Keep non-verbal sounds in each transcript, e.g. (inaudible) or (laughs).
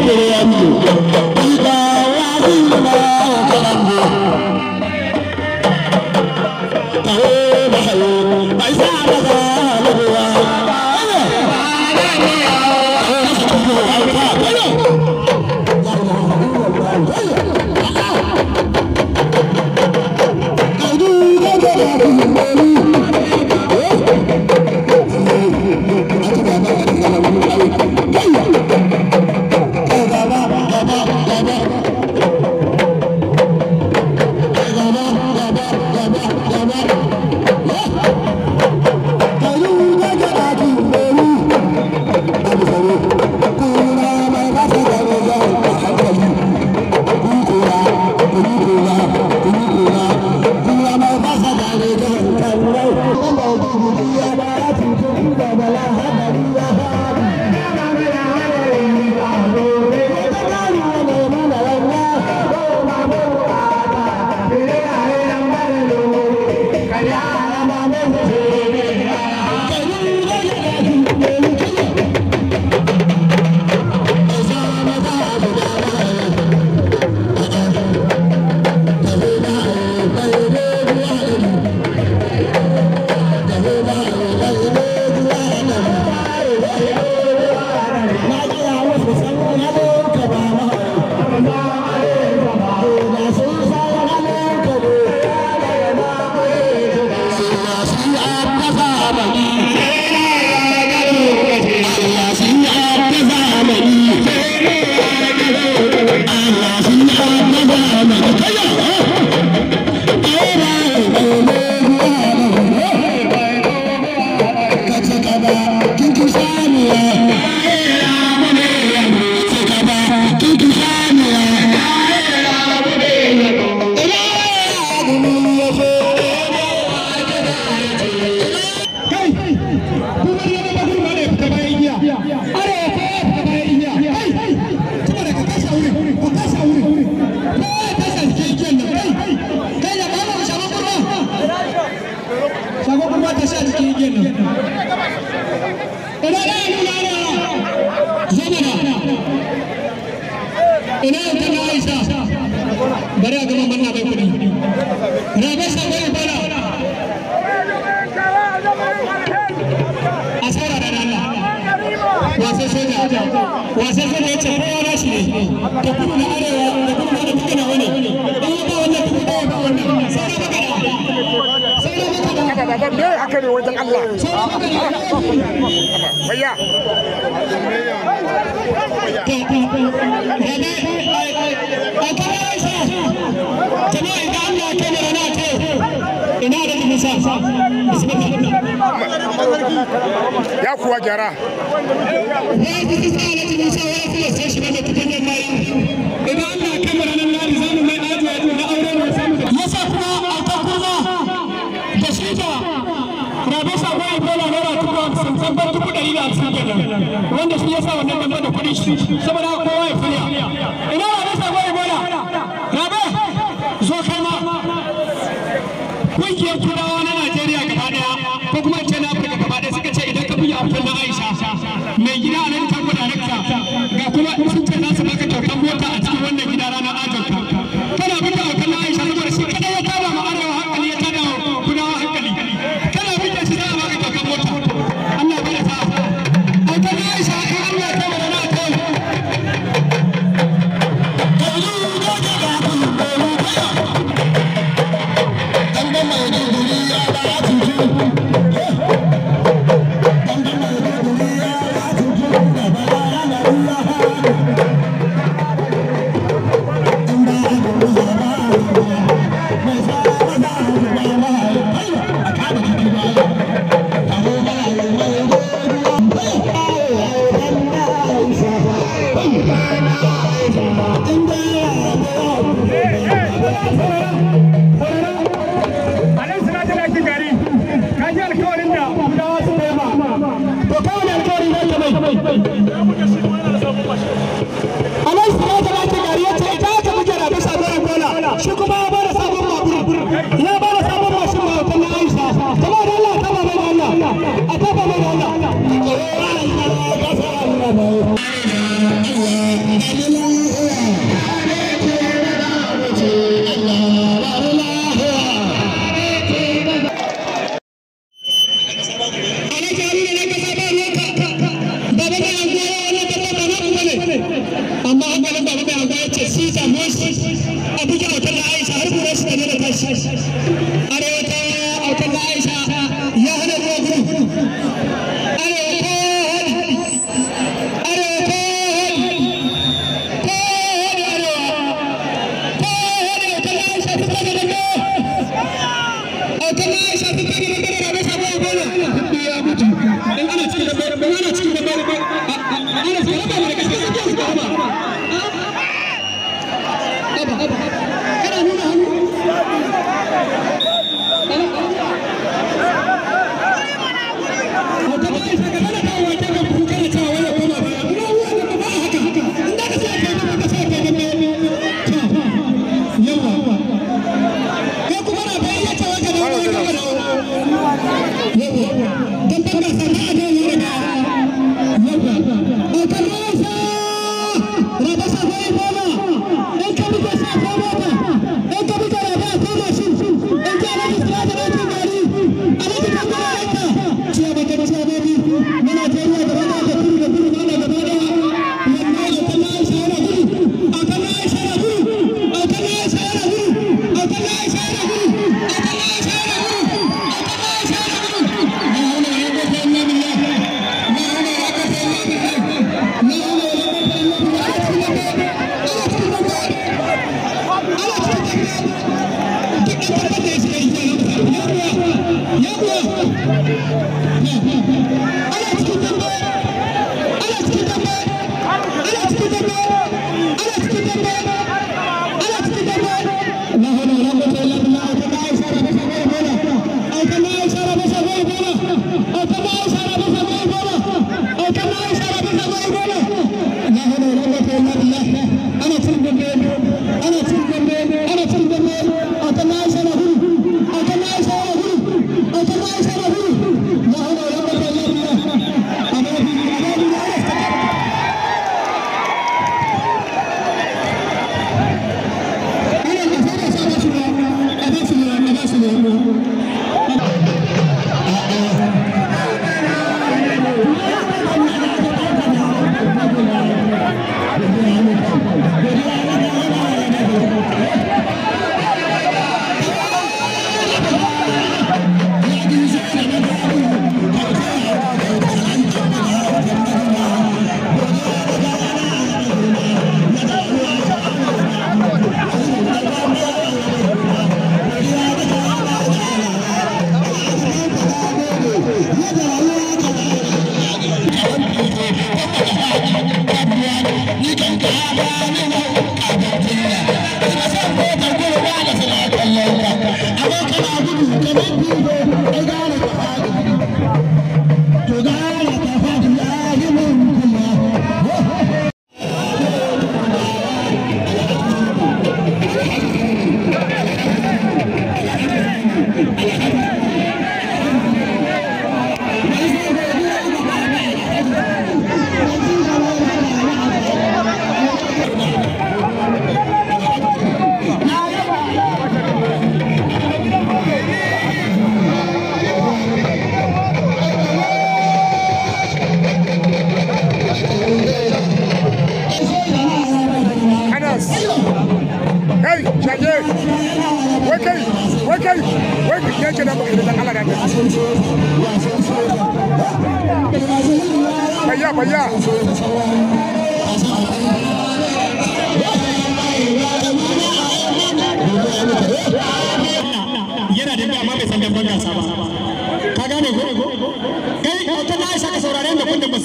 babu ruwanmu wasan sama kowa na shi ne da kudu da arewa da da na wani wannan wannan sai da sai da aka ne wajen Allah bayya ya kuwa gyara yasa kuma a takurma da shi da rabe sabo a bola wanda shi yasa wannan da kuɗi saboda kowa ya abuja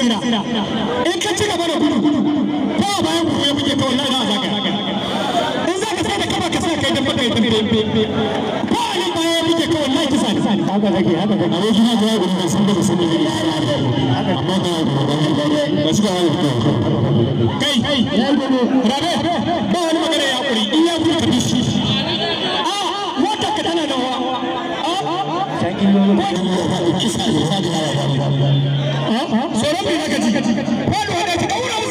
tsira in ka ci gaba da gudu ko a bayan ya buge ta wallahi za a in za ka sai da kaba ka sa kai dan baka yi dambe ko a nan baya ya buge ka wallahi kisa ne haka take haka take amma shi na ga gudu da sun da sun da amma ga ba su ga kai rabe ba wani magana ya kuri in ya kuri ka bi shi wata ah, ka tana da wa ah, ah, a tsoron bi na gaji da ta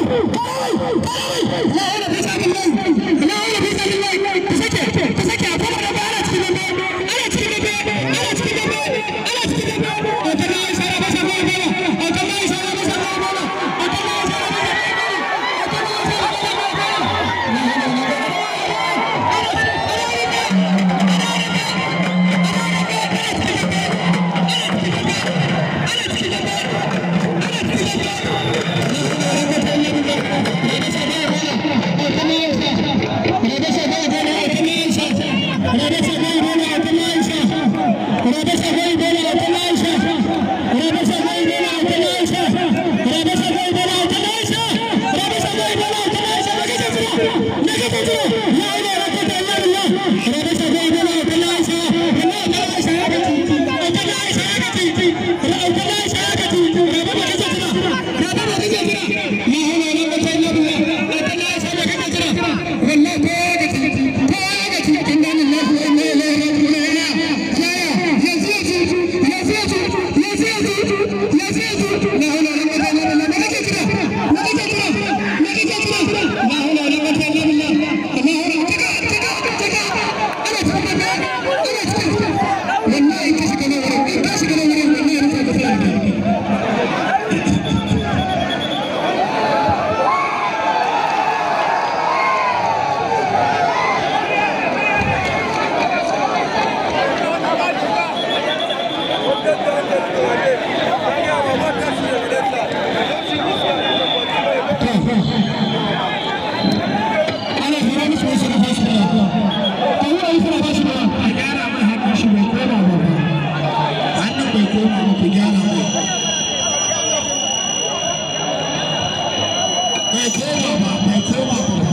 Woo! Mm-hmm. koma bai koma ba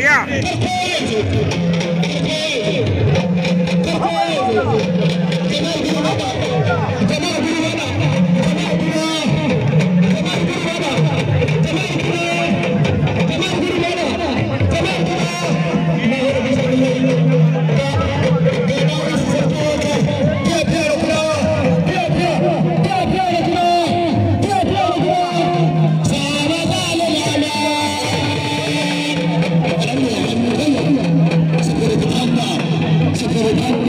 Yeah. Thank (laughs) you.